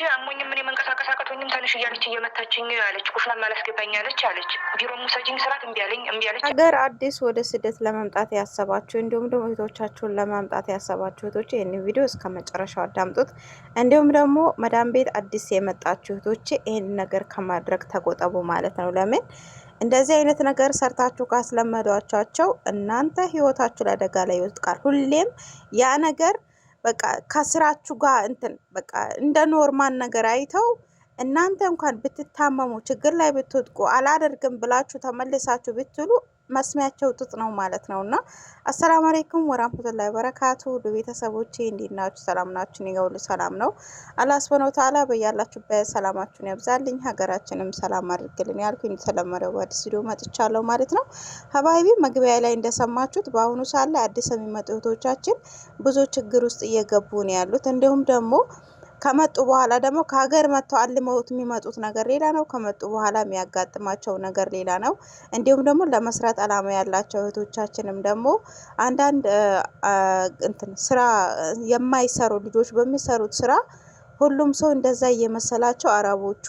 ሄጄ አሞኝም እኔ መንቀሳቀስ አቅቶኝም ትንሽ እያለች እየመታችኝ አለች። ኩሽና አላስገባኝ አለች አለች። ቢሮ ሙሰጅኝ ስራት እምቢ አለኝ እምቢ አለች። ሀገር አዲስ ወደ ስደት ለመምጣት ያሰባችሁ እንዲሁም ደግሞ እህቶቻችሁን ለማምጣት ያሰባችሁ እህቶች ይህን ቪዲዮ እስከ መጨረሻው አዳምጡት። እንዲሁም ደግሞ መዳም ቤት አዲስ የመጣችሁ እህቶች ይህን ነገር ከማድረግ ተቆጠቡ ማለት ነው። ለምን እንደዚህ አይነት ነገር ሰርታችሁ ካስለመዷቸው እናንተ ህይወታችሁ ለአደጋ ላይ ይወጥቃል። ሁሌም ያ ነገር በቃ ከስራችሁ ጋር እንትን በቃ እንደ ኖርማል ነገር አይተው እናንተ እንኳን ብትታመሙ ችግር ላይ ብትወድቁ አላደርግም ብላችሁ ተመልሳችሁ ብትሉ መስሚያቸው ጥጥ ነው ማለት ነው። እና አሰላሙ አሌይኩም ወራህመቱላሂ ወበረካቱ ውድ ቤተሰቦቼ እንዴት ናችሁ? ሰላም ናችሁ? እኔ ጋር ሁሉ ሰላም ነው። አላህ ሱብሐነሁ ወተዓላ በያላችሁበት ሰላማችሁን ያብዛልኝ፣ ሀገራችንም ሰላም አድርግልን ያልኩኝ የተለመደው በአዲስ ቪዲዮ መጥቻለሁ ማለት ነው። ሀባይቢ መግቢያ ላይ እንደሰማችሁት በአሁኑ ሰዓት ላይ አዲስ የሚመጡ እህቶቻችን ብዙ ችግር ውስጥ እየገቡ ነው ያሉት እንዲሁም ደግሞ ከመጡ በኋላ ደግሞ ከሀገር መጥተው አልመውት የሚመጡት ነገር ሌላ ነው። ከመጡ በኋላ የሚያጋጥማቸው ነገር ሌላ ነው። እንዲሁም ደግሞ ለመስራት አላማ ያላቸው እህቶቻችንም ደግሞ አንዳንድ እንትን ስራ የማይሰሩ ልጆች በሚሰሩት ስራ ሁሉም ሰው እንደዛ እየመሰላቸው አረቦቹ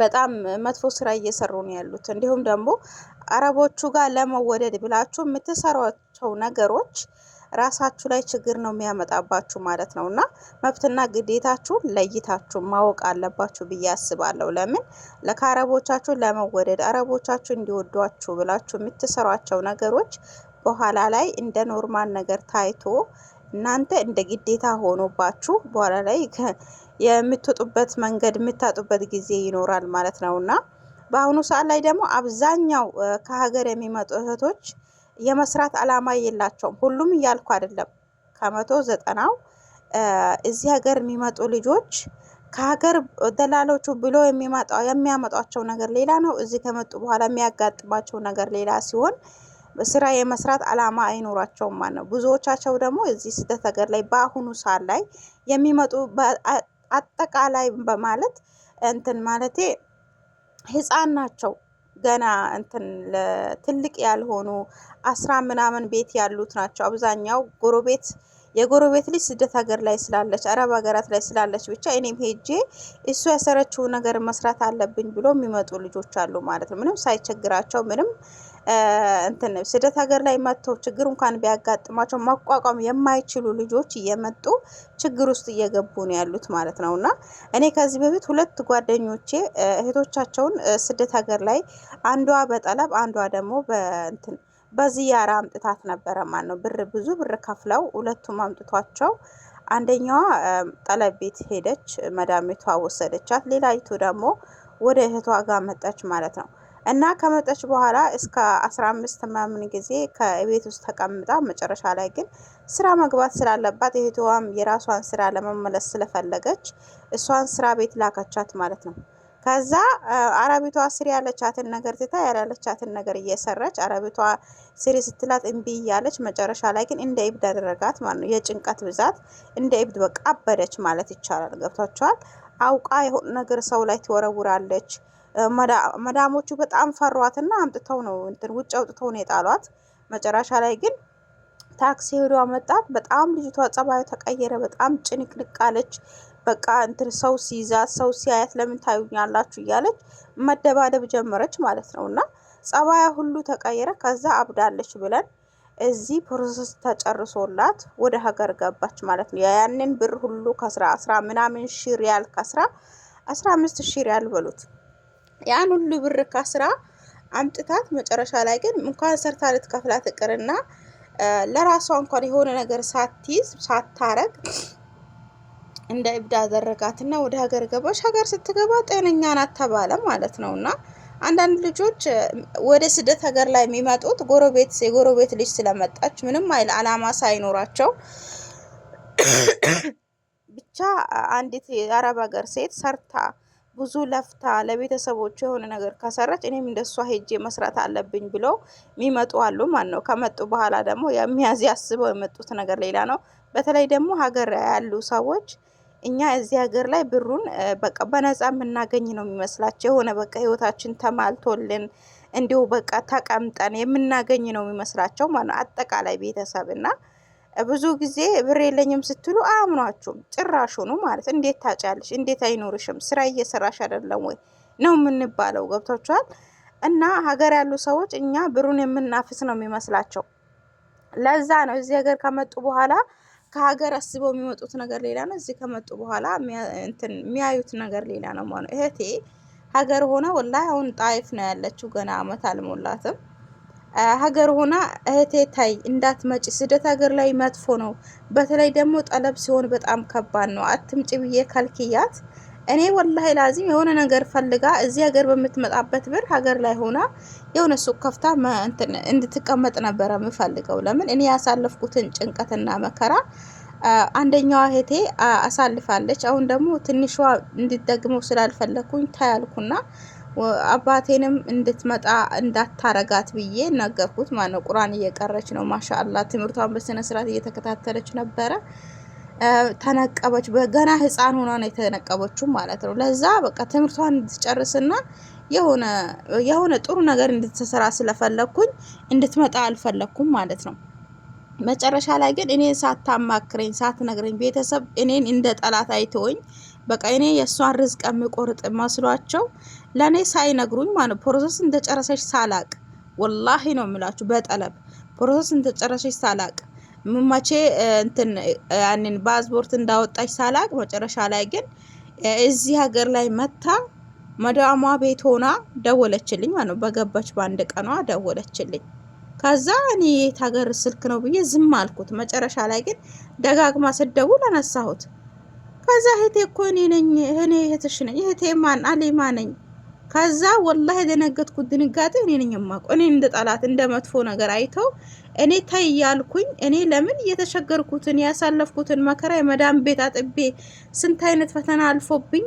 በጣም መጥፎ ስራ እየሰሩ ነው ያሉት። እንዲሁም ደግሞ አረቦቹ ጋር ለመወደድ ብላችሁ የምትሰሯቸው ነገሮች ራሳችሁ ላይ ችግር ነው የሚያመጣባችሁ ማለት ነው። እና መብትና ግዴታችሁን ለይታችሁ ማወቅ አለባችሁ ብዬ አስባለሁ። ለምን ለካረቦቻችሁ ለመወደድ አረቦቻችሁ እንዲወዷችሁ ብላችሁ የምትሰሯቸው ነገሮች በኋላ ላይ እንደ ኖርማል ነገር ታይቶ እናንተ እንደ ግዴታ ሆኖባችሁ በኋላ ላይ የምትወጡበት መንገድ የምታጡበት ጊዜ ይኖራል ማለት ነው እና በአሁኑ ሰዓት ላይ ደግሞ አብዛኛው ከሀገር የሚመጡ እህቶች የመስራት አላማ የላቸውም። ሁሉም እያልኩ አይደለም። ከመቶ ዘጠናው እዚህ ሀገር የሚመጡ ልጆች ከሀገር ደላሎቹ ብሎ የሚያመጧቸው ነገር ሌላ ነው። እዚህ ከመጡ በኋላ የሚያጋጥማቸው ነገር ሌላ ሲሆን ስራ የመስራት አላማ አይኖራቸውም ማለት ነው። ብዙዎቻቸው ደግሞ እዚህ ስደት ሀገር ላይ በአሁኑ ሰዓት ላይ የሚመጡ አጠቃላይ በማለት እንትን ማለቴ ህፃን ናቸው። ገና እንትን ትልቅ ያልሆኑ አስራ ምናምን ቤት ያሉት ናቸው። አብዛኛው ጎረቤት የጎረቤት ልጅ ስደት ሀገር ላይ ስላለች አረብ ሀገራት ላይ ስላለች ብቻ እኔም ሄጄ እሱ ያሰረችው ነገር መስራት አለብኝ ብሎ የሚመጡ ልጆች አሉ ማለት ነው። ምንም ሳይቸግራቸው ምንም እንትን ስደት ሀገር ላይ መጥተው ችግር እንኳን ቢያጋጥማቸው መቋቋም የማይችሉ ልጆች እየመጡ ችግር ውስጥ እየገቡ ነው ያሉት ማለት ነው። እና እኔ ከዚህ በፊት ሁለት ጓደኞቼ እህቶቻቸውን ስደት ሀገር ላይ አንዷ በጠለብ አንዷ ደግሞ በእንትን በዚያራ አምጥታት ነበረ ማለት ነው። ብር ብዙ ብር ከፍለው ሁለቱም አምጥቷቸው አንደኛዋ ጠለቤት ሄደች፣ መዳሜቷ ወሰደቻት። ሌላይቱ ደግሞ ወደ እህቷ ጋር መጣች ማለት ነው። እና ከመጣች በኋላ እስከ አስራ አምስት ምናምን ጊዜ ከቤት ውስጥ ተቀምጣ መጨረሻ ላይ ግን ስራ መግባት ስላለባት እህቷም የራሷን ስራ ለመመለስ ስለፈለገች እሷን ስራ ቤት ላከቻት ማለት ነው። ከዛ አረቢቷ ስሪ ያለቻትን ነገር ትታ ያላለቻትን ነገር እየሰራች አረቢቷ ስሪ ስትላት እምቢ እያለች መጨረሻ ላይ ግን እንደ እብድ አደረጋት ማለት ነው። የጭንቀት ብዛት እንደ እብድ በቃ አበደች ማለት ይቻላል። ገብቷቸዋል። አውቃ የሆነ ነገር ሰው ላይ ትወረውራለች። መዳሞቹ በጣም ፈሯትና አምጥተው ነው እንትን ውጭ አውጥተው ነው የጣሏት። መጨረሻ ላይ ግን ታክሲ ሄዶ መጣት። በጣም ልጅቷ ጸባዩ ተቀየረ። በጣም ጭንቅንቃለች። በቃ እንትን ሰው ሲይዛት ሰው ሲያያት ለምን ታዩኛላችሁ እያለች መደባደብ ጀመረች ማለት ነው። እና ጸባያ ሁሉ ተቀየረ። ከዛ አብዳለች ብለን እዚህ ፕሮሰስ ተጨርሶላት ወደ ሀገር ገባች ማለት ነው። ያንን ብር ሁሉ ከስራ አስራ ምናምን ሺ ሪያል ከስራ አስራ አምስት ሺ ሪያል በሉት ያን ሁሉ ብር ከስራ አምጥታት መጨረሻ ላይ ግን እንኳን ሰርታ ልትከፍላት እቅርና ለራሷ እንኳን የሆነ ነገር ሳትይዝ ሳታረግ እንደ እብድ አደረጋትና ወደ ሀገር ገባች። ሀገር ስትገባ ጤነኛ ናት ተባለ ማለት ነው እና አንዳንድ ልጆች ወደ ስደት ሀገር ላይ የሚመጡት ጎረቤት የጎረቤት ልጅ ስለመጣች ምንም አይል አላማ ሳይኖራቸው ብቻ አንዲት የአረብ ሀገር ሴት ሰርታ ብዙ ለፍታ ለቤተሰቦቹ የሆነ ነገር ከሰራች እኔም እንደሷ ሄጄ መስራት አለብኝ ብለው የሚመጡ አሉ ማለት ነው። ከመጡ በኋላ ደግሞ የሚያዝ ያስበው የመጡት ነገር ሌላ ነው። በተለይ ደግሞ ሀገር ያሉ ሰዎች እኛ እዚህ ሀገር ላይ ብሩን በቃ በነፃ የምናገኝ ነው የሚመስላቸው። የሆነ በቃ ህይወታችን ተማልቶልን እንዲሁ በቃ ተቀምጠን የምናገኝ ነው የሚመስላቸው ማለት ነው አጠቃላይ ቤተሰብ እና ብዙ ጊዜ ብር የለኝም ስትሉ አያምኗችሁም። ጭራሹኑ ማለት እንዴት ታጫለሽ? እንዴት አይኖርሽም? ስራ እየሰራሽ አይደለም ወይ ነው የምንባለው። ገብቷችኋል? እና ሀገር ያሉ ሰዎች እኛ ብሩን የምናፍስ ነው የሚመስላቸው። ለዛ ነው እዚህ ሀገር ከመጡ በኋላ ከሀገር አስበው የሚመጡት ነገር ሌላ ነው። እዚህ ከመጡ በኋላ የሚያዩት ነገር ሌላ ነው ማለት እህቴ ሀገር ሆነ ወላ አሁን ጣይፍ ነው ያለችው፣ ገና አመት አልሞላትም። ሀገር ሆና እህቴ ታይ እንዳትመጪ፣ ስደት ሀገር ላይ መጥፎ ነው። በተለይ ደግሞ ጠለብ ሲሆን በጣም ከባድ ነው። አትምጪ ብዬ ከልክያት እኔ ወላሂ ላዚም የሆነ ነገር ፈልጋ እዚህ ሀገር በምትመጣበት ብር ሀገር ላይ ሆና የሆነ ሱቅ ከፍታ እንድትቀመጥ ነበረ የምፈልገው። ለምን እኔ ያሳለፍኩትን ጭንቀትና መከራ አንደኛዋ እህቴ አሳልፋለች። አሁን ደግሞ ትንሿ እንዲደግመው ስላልፈለግኩኝ ታያልኩና አባቴንም እንድትመጣ እንዳታረጋት ብዬ ነገርኩት። ማነው ቁርአን እየቀረች ነው ማሻ አላህ ትምህርቷን በስነስርዓት እየተከታተለች ነበረ። ተነቀበች። በገና ህፃን ሆና ነው የተነቀበችው ማለት ነው። ለዛ በቃ ትምህርቷን እንድትጨርስና የሆነ ጥሩ ነገር እንድትሰራ ስለፈለግኩኝ እንድትመጣ አልፈለግኩም ማለት ነው። መጨረሻ ላይ ግን እኔን ሳታማክረኝ ሳትነግረኝ ቤተሰብ እኔን እንደ ጠላት አይተወኝ በቃ እኔ የእሷን ርዝቅ የምቆርጥ መስሏቸው ለእኔ ሳይነግሩኝ ማለት ፕሮሰስ እንደጨረሰች ሳላቅ ወላሂ ነው የምላችሁ በጠለብ ፕሮሰስ እንደጨረሰች ሳላቅ ምማቼ እንትን ያንን ፓስፖርት እንዳወጣች ሳላቅ መጨረሻ ላይ ግን እዚህ ሀገር ላይ መታ መዳሟ ቤት ሆና ደወለችልኝ ማለት ነው። በገባች በአንድ ቀኗ ደወለችልኝ። ከዛ እኔ የት ሀገር ስልክ ነው ብዬ ዝም አልኩት። መጨረሻ ላይ ግን ደጋግማ ስደውል አነሳሁት። ከዛ እህቴ እኮ እኔ ነኝ እኔ እህትሽ ነኝ እህቴ ማን አሌ ማነኝ ከዛ ወላ የደነገጥኩት ድንጋጤ እኔ ነኝ የማውቀው። እኔ እንደ ጠላት እንደ መጥፎ ነገር አይተው እኔ ታይ ያልኩኝ እኔ ለምን እየተሸገርኩትን ያሳለፍኩትን መከራ የመዳን ቤት አጥቤ ስንት አይነት ፈተና አልፎብኝ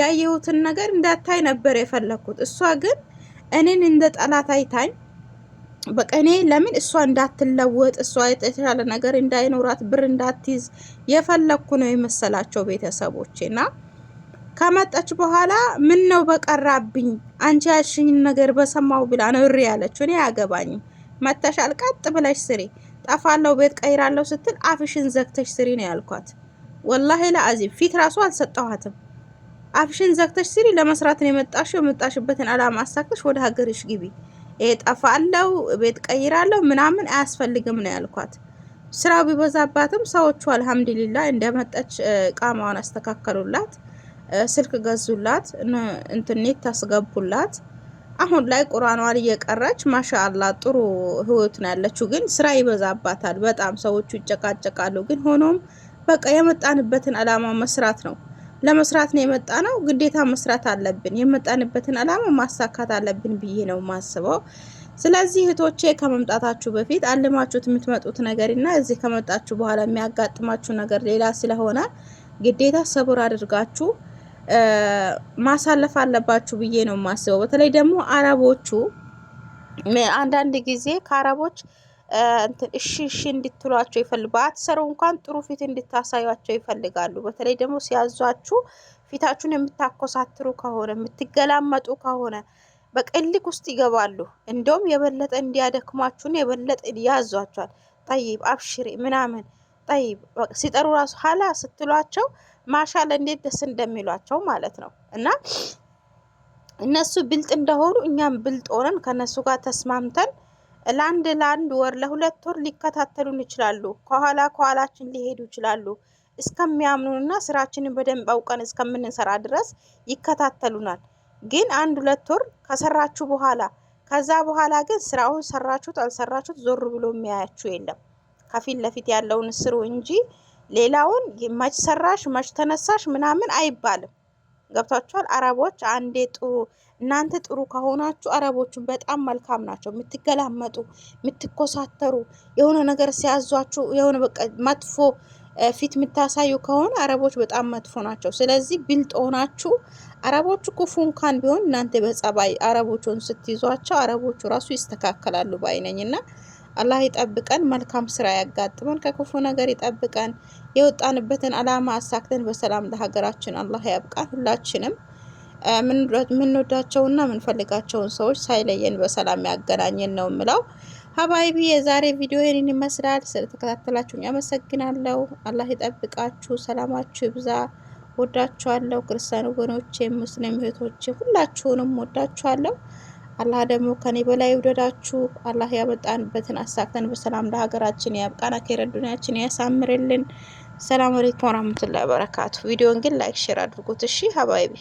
ያየሁትን ነገር እንዳታይ ነበር የፈለግኩት። እሷ ግን እኔን እንደ ጠላት አይታኝ በቃ እኔ ለምን እሷ እንዳትለወጥ እሷ የተሻለ ነገር እንዳይኖራት ብር እንዳትይዝ የፈለግኩ ነው የመሰላቸው ቤተሰቦቼ ና ከመጣች በኋላ ምን ነው በቀራብኝ አንቺ ያልሽኝን ነገር በሰማው ብላ ነው እሪ ያለችው። እኔ አያገባኝም መተሻል ቀጥ ብለሽ ስሪ፣ ጠፋለሁ ቤት ቀይራለው ስትል አፍሽን ዘግተሽ ስሪ ነው ያልኳት። ወላሂ ለአዚም ፊት ራሱ አልሰጠኋትም። አፍሽን ዘግተሽ ስሪ፣ ለመስራት ነው የመጣሽው። የመጣሽበትን አላማ አሳክተሽ ወደ ሀገርሽ ግቢ። ይሄ ጠፋለሁ ቤት ቀይራለሁ ምናምን አያስፈልግም ነው ያልኳት። ስራው ቢበዛባትም ሰዎቹ አልሐምዱሊላ እንደመጣች ቃማዋን አስተካከሉላት። ስልክ ገዙላት፣ እንትኔት ታስገቡላት። አሁን ላይ ቁራኗን እየቀራች ማሻአላ ጥሩ ህይወት ነው ያለችው። ግን ስራ ይበዛባታል በጣም ሰዎቹ ይጨቃጨቃሉ። ግን ሆኖም በቃ የመጣንበትን አላማ መስራት ነው ለመስራት ነው የመጣ ነው። ግዴታ መስራት አለብን። የመጣንበትን አላማ ማሳካት አለብን ብዬ ነው የማስበው። ስለዚህ እህቶቼ ከመምጣታችሁ በፊት አልማችሁት የምትመጡት ነገርና እዚህ ከመጣችሁ በኋላ የሚያጋጥማችሁ ነገር ሌላ ስለሆነ ግዴታ ሰብር አድርጋችሁ ማሳለፍ አለባችሁ ብዬ ነው የማስበው። በተለይ ደግሞ አረቦቹ አንዳንድ ጊዜ ከአረቦች እንትን እሺ እሺ እንድትሏቸው ይፈልጋሉ። አትሰሩ እንኳን ጥሩ ፊት እንድታሳዩቸው ይፈልጋሉ። በተለይ ደግሞ ሲያዟችሁ ፊታችሁን የምታኮሳትሩ ከሆነ የምትገላመጡ ከሆነ በቅልቅ ውስጥ ይገባሉ። እንደውም የበለጠ እንዲያደክማችሁን የበለጠ ያዟቸዋል። ጠይብ አብሽሪ ምናምን ጠይ ሲጠሩ ራሱ ሀላ ስትሏቸው ማሻለ እንዴት ደስ እንደሚሏቸው ማለት ነው እና እነሱ ብልጥ እንደሆኑ እኛም ብልጥ ሆነን ከነሱ ጋር ተስማምተን ለአንድ ለአንድ ወር ለሁለት ወር ሊከታተሉን ይችላሉ። ከኋላ ከኋላችን ሊሄዱ ይችላሉ። እስከሚያምኑንና ስራችንን በደንብ አውቀን እስከምንሰራ ድረስ ይከታተሉናል። ግን አንድ ሁለት ወር ከሰራችሁ በኋላ ከዛ በኋላ ግን ስራውን ሰራችሁት አልሰራችሁት ዞር ብሎ የሚያያችሁ የለም። ከፊት ለፊት ያለውን ስሩ እንጂ ሌላውን መች ሰራሽ መች ተነሳሽ ምናምን አይባልም። ገብታችኋል? አረቦች አንዴ ጥሩ እናንተ ጥሩ ከሆናችሁ አረቦቹን በጣም መልካም ናቸው። የምትገላመጡ፣ የምትኮሳተሩ የሆነ ነገር ሲያዟችሁ የሆነ በቃ መጥፎ ፊት የምታሳዩ ከሆነ አረቦች በጣም መጥፎ ናቸው። ስለዚህ ብልጥ ሆናችሁ አረቦቹ ክፉ እንኳን ቢሆን እናንተ በጸባይ አረቦቹን ስትይዟቸው አረቦቹ ራሱ ይስተካከላሉ ባይነኝ እና አላህ ይጠብቀን፣ መልካም ስራ ያጋጥመን፣ ከክፉ ነገር ይጠብቀን። የወጣንበትን አላማ አሳክተን በሰላም ለሀገራችን አላህ ያብቃን። ሁላችንም የምንወዳቸውና የምንፈልጋቸውን ሰዎች ሳይለየን በሰላም ያገናኘን ነው ምለው። ሀባይቢ የዛሬ ቪዲዮ ይህንን ይመስላል። ስለተከታተላችሁኝ አመሰግናለሁ። አላህ ይጠብቃችሁ፣ ሰላማችሁ ይብዛ። ወዳችኋለሁ። ክርስቲያን ወገኖቼ፣ ሙስሊም እህቶቼ ሁላችሁንም ወዳችኋለሁ። አላህ ደግሞ ከኔ በላይ ይውደዳችሁ። አላህ ያመጣንበትን አሳክተን በሰላም ለሀገራችን ያብቃን። አኼረ ዱንያችን ያሳምርልን። ሰላም አለይኩም ወራህመቱላሂ ወበረካቱ። ቪዲዮን ግን ላይክ ሼር አድርጉት። እሺ ሀባይቢ